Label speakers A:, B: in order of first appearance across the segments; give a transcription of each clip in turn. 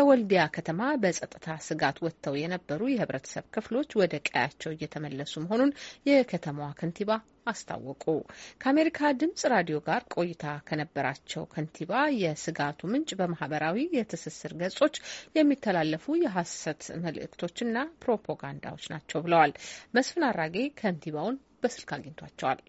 A: ከወልዲያ ከተማ በጸጥታ ስጋት ወጥተው የነበሩ የህብረተሰብ ክፍሎች ወደ ቀያቸው እየተመለሱ መሆኑን የከተማዋ ከንቲባ አስታወቁ። ከአሜሪካ ድምጽ ራዲዮ ጋር ቆይታ ከነበራቸው ከንቲባ የስጋቱ ምንጭ በማህበራዊ የትስስር ገጾች የሚተላለፉ የሐሰት መልእክቶችና ፕሮፓጋንዳዎች ናቸው ብለዋል። መስፍን አራጌ ከንቲባውን በስልክ አግኝቷቸዋል።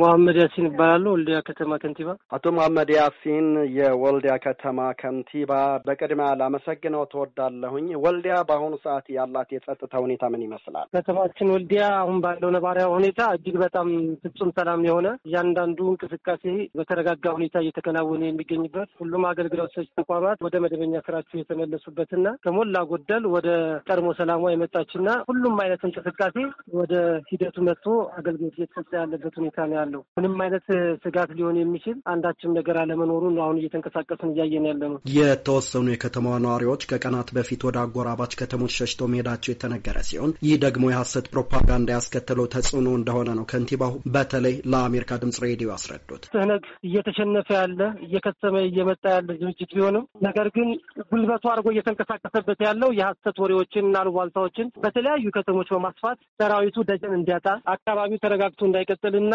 B: መሐመድ ያሲን ይባላሉ። ወልዲያ ከተማ ከንቲባ። አቶ መሐመድ ያሲን የወልዲያ ከተማ ከንቲባ፣ በቅድሚያ ላመሰግነው ተወዳለሁኝ። ወልዲያ በአሁኑ ሰዓት ያላት የጸጥታ ሁኔታ ምን ይመስላል?
C: ከተማችን ወልዲያ አሁን ባለው ነባሪያ ሁኔታ እጅግ በጣም ፍጹም ሰላም የሆነ እያንዳንዱ እንቅስቃሴ በተረጋጋ ሁኔታ እየተከናወነ የሚገኝበት ሁሉም አገልግሎት ሰጪ ተቋማት ወደ መደበኛ ስራቸው የተመለሱበትና ከሞላ ጎደል ወደ ቀድሞ ሰላሟ የመጣችና ሁሉም አይነት እንቅስቃሴ ወደ ሂደቱ መጥቶ አገልግሎት እየተሰጠ ያለበት ሁኔታ ነው አለው። ምንም አይነት ስጋት ሊሆን የሚችል አንዳችም ነገር አለመኖሩ አሁን እየተንቀሳቀስን እያየን ያለ ነው።
B: የተወሰኑ የከተማዋ ነዋሪዎች ከቀናት በፊት ወደ አጎራባች ከተሞች ሸሽተው መሄዳቸው የተነገረ ሲሆን ይህ ደግሞ የሐሰት ፕሮፓጋንዳ ያስከተለው ተጽዕኖ እንደሆነ ነው ከንቲባው በተለይ ለአሜሪካ ድምጽ ሬዲዮ ያስረዱት።
C: ትህነግ እየተሸነፈ ያለ እየከሰመ እየመጣ ያለ ድርጅት ቢሆንም ነገር ግን ጉልበቱ አድርጎ እየተንቀሳቀሰበት ያለው የሐሰት ወሬዎችን እና አሉባልታዎችን በተለያዩ ከተሞች በማስፋት ሰራዊቱ ደጀን እንዲያጣ አካባቢው ተረጋግቶ እንዳይቀጥልና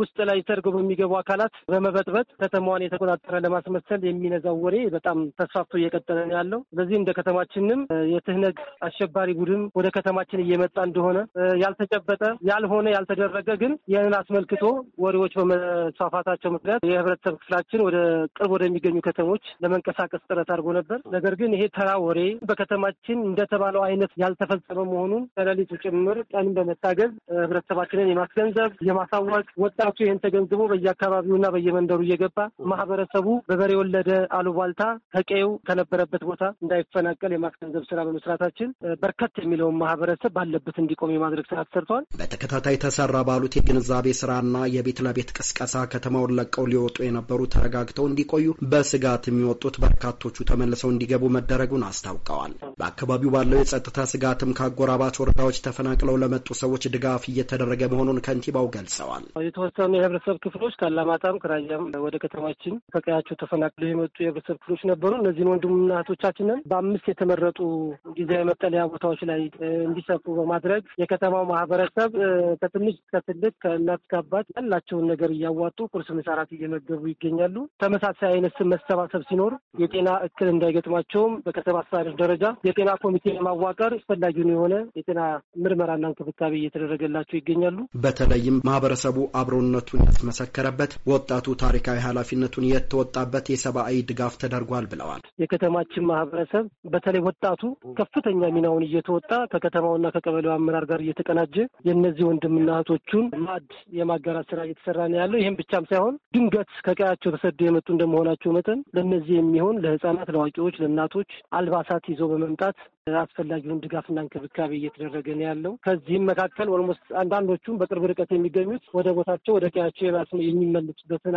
C: ውስጥ ላይ ሰርገው በሚገቡ አካላት በመበጥበጥ ከተማዋን የተቆጣጠረ ለማስመሰል የሚነዛው ወሬ በጣም ተስፋፍቶ እየቀጠለ ነው ያለው። ስለዚህ እንደ ከተማችንም የትህነግ አሸባሪ ቡድን ወደ ከተማችን እየመጣ እንደሆነ ያልተጨበጠ ያልሆነ ያልተደረገ ግን ይህንን አስመልክቶ ወሬዎች በመስፋፋታቸው ምክንያት የህብረተሰብ ክፍላችን ወደ ቅርብ ወደሚገኙ ከተሞች ለመንቀሳቀስ ጥረት አድርጎ ነበር። ነገር ግን ይሄ ተራ ወሬ በከተማችን እንደተባለው አይነት ያልተፈጸመ መሆኑን ከሌሊቱ ጭምር ቀን በመታገዝ ህብረተሰባችንን የማስገንዘብ የማሳወቅ ወጥ ወጣቱ ይህን ተገንዝቦ በየአካባቢውና በየመንደሩ እየገባ ማህበረሰቡ በበሬ ወለደ አሉባልታ ከቀዬው ከነበረበት ቦታ እንዳይፈናቀል የማስገንዘብ ስራ በመስራታችን በርከት የሚለውን ማህበረሰብ ባለበት እንዲቆም የማድረግ ስራ ተሰርተዋል።
B: በተከታታይ ተሰራ ባሉት የግንዛቤ ስራና የቤት ለቤት ቅስቀሳ ከተማውን ለቀው ሊወጡ የነበሩ ተረጋግተው እንዲቆዩ በስጋት የሚወጡት በርካቶቹ ተመልሰው እንዲገቡ መደረጉን አስታውቀዋል። በአካባቢው ባለው የጸጥታ ስጋትም ከአጎራባች ወረዳዎች ተፈናቅለው ለመጡ ሰዎች ድጋፍ እየተደረገ መሆኑን ከንቲባው ገልጸዋል።
C: የተወሰኑ የህብረተሰብ ክፍሎች ከአላማጣም ከራያም ወደ ከተማችን ከቀያቸው ተፈናቅለው የመጡ የህብረተሰብ ክፍሎች ነበሩ። እነዚህን ወንድምና እህቶቻችንን በአምስት የተመረጡ ጊዜያዊ መጠለያ ቦታዎች ላይ እንዲሰፉ በማድረግ የከተማው ማህበረሰብ ከትንሽ ከትልቅ ከእናት ከአባት ያላቸውን ነገር እያዋጡ ቁርስ፣ ምሳ፣ እየመገቡ ይገኛሉ። ተመሳሳይ አይነት መሰባሰብ ሲኖር የጤና እክል እንዳይገጥማቸውም በከተማ አስተዳደር ደረጃ የጤና ኮሚቴ ለማዋቀር አስፈላጊውን የሆነ የጤና ምርመራና እንክብካቤ እየተደረገላቸው ይገኛሉ።
B: በተለይም ማህበረሰቡ አብሮነቱን የተመሰከረበት ወጣቱ ታሪካዊ ኃላፊነቱን የተወጣበት የሰብአዊ ድጋፍ ተደርጓል ብለዋል።
C: የከተማችን ማህበረሰብ በተለይ ወጣቱ ከፍተኛ ሚናውን እየተወጣ ከከተማውና ከቀበሌው አመራር ጋር እየተቀናጀ የእነዚህ ወንድምና እህቶቹን ማዕድ የማጋራት ስራ እየተሰራ ነው ያለው። ይህም ብቻም ሳይሆን ድንገት ከቀያቸው ተሰዱ የመጡ እንደመሆናቸው መጠን ለእነዚህ የሚሆን ለህጻናት፣ ለአዋቂዎች፣ ለእናቶች አልባሳት ይዞ በመምጣት አስፈላጊውን ድጋፍና እንክብካቤ እየተደረገ ነው ያለው። ከዚህም መካከል ኦልሞስት አንዳንዶቹም በቅርብ ርቀት የሚገኙት ወደ ቦታቸው ወደ ቀያቸው የራስ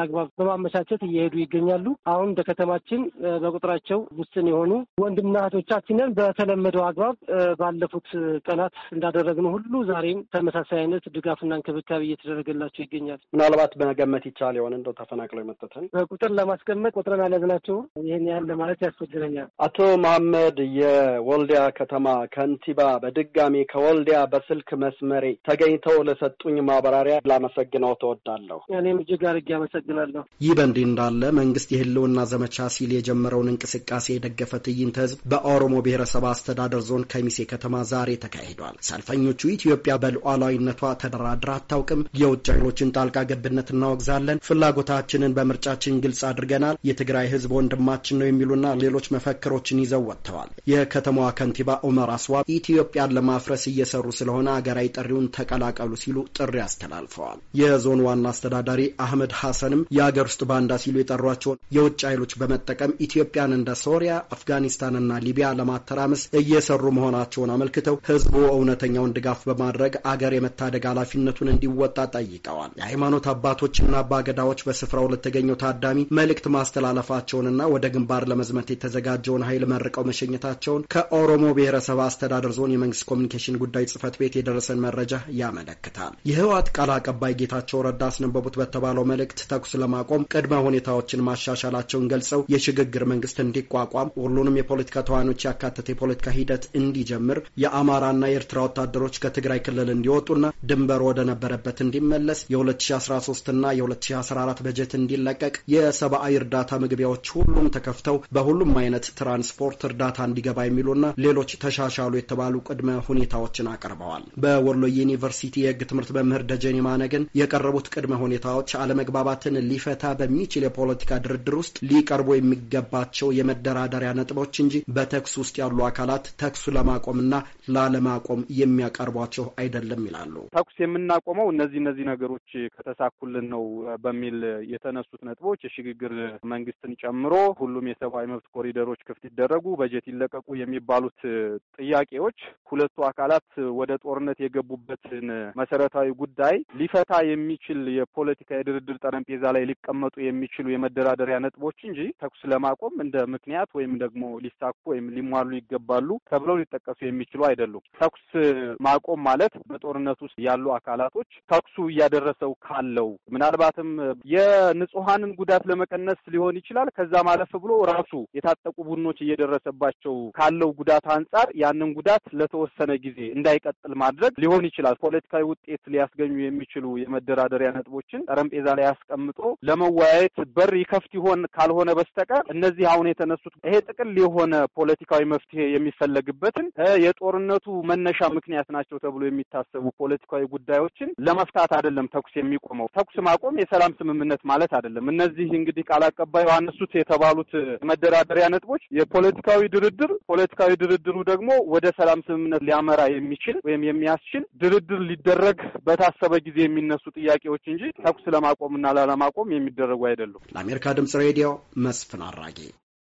C: አግባብ በማመቻቸት እየሄዱ ይገኛሉ። አሁን በከተማችን በቁጥራቸው ውስን የሆኑ ወንድምና እህቶቻችንን በተለመደው አግባብ ባለፉት ቀናት እንዳደረግን ሁሉ ዛሬም ተመሳሳይ አይነት ድጋፍና እንክብካቤ እየተደረገላቸው ይገኛል። ምናልባት በመገመት ይቻል
B: የሆነ እንደው ተፈናቅለው የመጡትን
C: በቁጥር ለማስቀመጥ ቁጥረን አልያዝናቸውም። ይህን ያህል ለማለት ያስቸግረኛል።
B: አቶ መሀመድ የወልዲያ ከተማ ከንቲባ በድጋሚ ከወልዲያ በስልክ መስመሬ ተገኝተው ለሰጡኝ ማብራሪያ ላመሰግነው ተወዳለሁ። እኔም እጅግ አድርጌ አመሰግናለሁ። ይህ በእንዲህ እንዳለ መንግስት የህልውና ዘመቻ ሲል የጀመረውን እንቅስቃሴ የደገፈ ትዕይንተ ህዝብ በኦሮሞ ብሔረሰብ አስተዳደር ዞን ከሚሴ ከተማ ዛሬ ተካሂዷል። ሰልፈኞቹ ኢትዮጵያ በሉዓላዊነቷ ተደራድራ አታውቅም፣ የውጭ ኃይሎችን ጣልቃ ገብነት እናወግዛለን፣ ፍላጎታችንን በምርጫችን ግልጽ አድርገናል፣ የትግራይ ህዝብ ወንድማችን ነው የሚሉና ሌሎች መፈክሮችን ይዘው ወጥተዋል። የከተማዋ ከንቲባ ኦመር አስዋብ ኢትዮጵያን ለማፍረስ እየሰሩ ስለሆነ አገራዊ ጥሪውን ተቀላቀሉ ሲሉ ጥሪ አስተላልፈዋል። የዞን ዋና አስተዳዳሪ አህመድ ሐሰንም የአገር ውስጥ ባንዳ ሲሉ የጠሯቸውን የውጭ ኃይሎች በመጠቀም ኢትዮጵያን እንደ ሶሪያ፣ አፍጋኒስታንና ሊቢያ ለማተራመስ እየሰሩ መሆናቸውን አመልክተው ህዝቡ እውነተኛውን ድጋፍ በማድረግ አገር የመታደግ ኃላፊነቱን እንዲወጣ ጠይቀዋል። የሃይማኖት አባቶችና አባገዳዎች በስፍራው ለተገኘው ታዳሚ መልእክት ማስተላለፋቸውንና ወደ ግንባር ለመዝመት የተዘጋጀውን ኃይል መርቀው መሸኘታቸውን ከኦሮሞ የኦሮሞ ብሔረሰብ አስተዳደር ዞን የመንግስት ኮሚኒኬሽን ጉዳይ ጽህፈት ቤት የደረሰን መረጃ ያመለክታል። የህወሓት ቃል አቀባይ ጌታቸው ረዳ አስነበቡት በተባለው መልእክት ተኩስ ለማቆም ቅድመ ሁኔታዎችን ማሻሻላቸውን ገልጸው የሽግግር መንግስት እንዲቋቋም ሁሉንም የፖለቲካ ተዋኖች ያካተተ የፖለቲካ ሂደት እንዲጀምር የአማራና የኤርትራ ወታደሮች ከትግራይ ክልል እንዲወጡና ድንበር ወደ ነበረበት እንዲመለስ የ2013ና የ2014 በጀት እንዲለቀቅ የሰብአዊ እርዳታ መግቢያዎች ሁሉም ተከፍተው በሁሉም አይነት ትራንስፖርት እርዳታ እንዲገባ የሚሉና ሌሎች ተሻሻሉ የተባሉ ቅድመ ሁኔታዎችን አቅርበዋል። በወሎ ዩኒቨርሲቲ የህግ ትምህርት መምህር ደጀኔ ማነ ግን የቀረቡት ቅድመ ሁኔታዎች አለመግባባትን ሊፈታ በሚችል የፖለቲካ ድርድር ውስጥ ሊቀርቡ የሚገባቸው የመደራደሪያ ነጥቦች እንጂ በተኩስ ውስጥ ያሉ አካላት ተኩሱ ለማቆምና ላለማቆም የሚያቀርቧቸው አይደለም ይላሉ።
A: ተኩስ የምናቆመው እነዚህ እነዚህ ነገሮች ከተሳኩልን ነው በሚል የተነሱት ነጥቦች የሽግግር መንግስትን ጨምሮ ሁሉም የሰብአዊ መብት ኮሪደሮች ክፍት ይደረጉ፣ በጀት ይለቀቁ የሚባሉ ለተነሱት ጥያቄዎች ሁለቱ አካላት ወደ ጦርነት የገቡበትን መሰረታዊ ጉዳይ ሊፈታ የሚችል የፖለቲካ የድርድር ጠረጴዛ ላይ ሊቀመጡ የሚችሉ የመደራደሪያ ነጥቦች እንጂ ተኩስ ለማቆም እንደ ምክንያት ወይም ደግሞ ሊሳኩ ወይም ሊሟሉ ይገባሉ ተብለው ሊጠቀሱ የሚችሉ አይደሉም። ተኩስ ማቆም ማለት በጦርነት ውስጥ ያሉ አካላቶች ተኩሱ እያደረሰው ካለው ምናልባትም የንጹሐንን ጉዳት ለመቀነስ ሊሆን ይችላል። ከዛ ማለፍ ብሎ ራሱ የታጠቁ ቡድኖች እየደረሰባቸው ካለው ጉዳት ጉዳት አንጻር ያንን ጉዳት ለተወሰነ ጊዜ እንዳይቀጥል ማድረግ ሊሆን ይችላል። ፖለቲካዊ ውጤት ሊያስገኙ የሚችሉ የመደራደሪያ ነጥቦችን ጠረጴዛ ላይ አስቀምጦ ለመወያየት በር ይከፍት ይሆን? ካልሆነ በስተቀር እነዚህ አሁን የተነሱት ይሄ ጥቅል የሆነ ፖለቲካዊ መፍትሄ የሚፈለግበትን የጦርነቱ መነሻ ምክንያት ናቸው ተብሎ የሚታሰቡ ፖለቲካዊ ጉዳዮችን ለመፍታት አይደለም ተኩስ የሚቆመው። ተኩስ ማቆም የሰላም ስምምነት ማለት አይደለም። እነዚህ እንግዲህ ቃል አቀባዩ አነሱት የተባሉት መደራደሪያ ነጥቦች የፖለቲካዊ ድርድር ፖለቲካዊ ድርድር ድርድሩ ደግሞ ወደ ሰላም ስምምነት ሊያመራ የሚችል ወይም የሚያስችል ድርድር ሊደረግ በታሰበ ጊዜ የሚነሱ ጥያቄዎች እንጂ ተኩስ ለማቆምና ላለማቆም የሚደረጉ አይደሉም።
B: ለአሜሪካ ድምጽ ሬዲዮ መስፍን አራጌ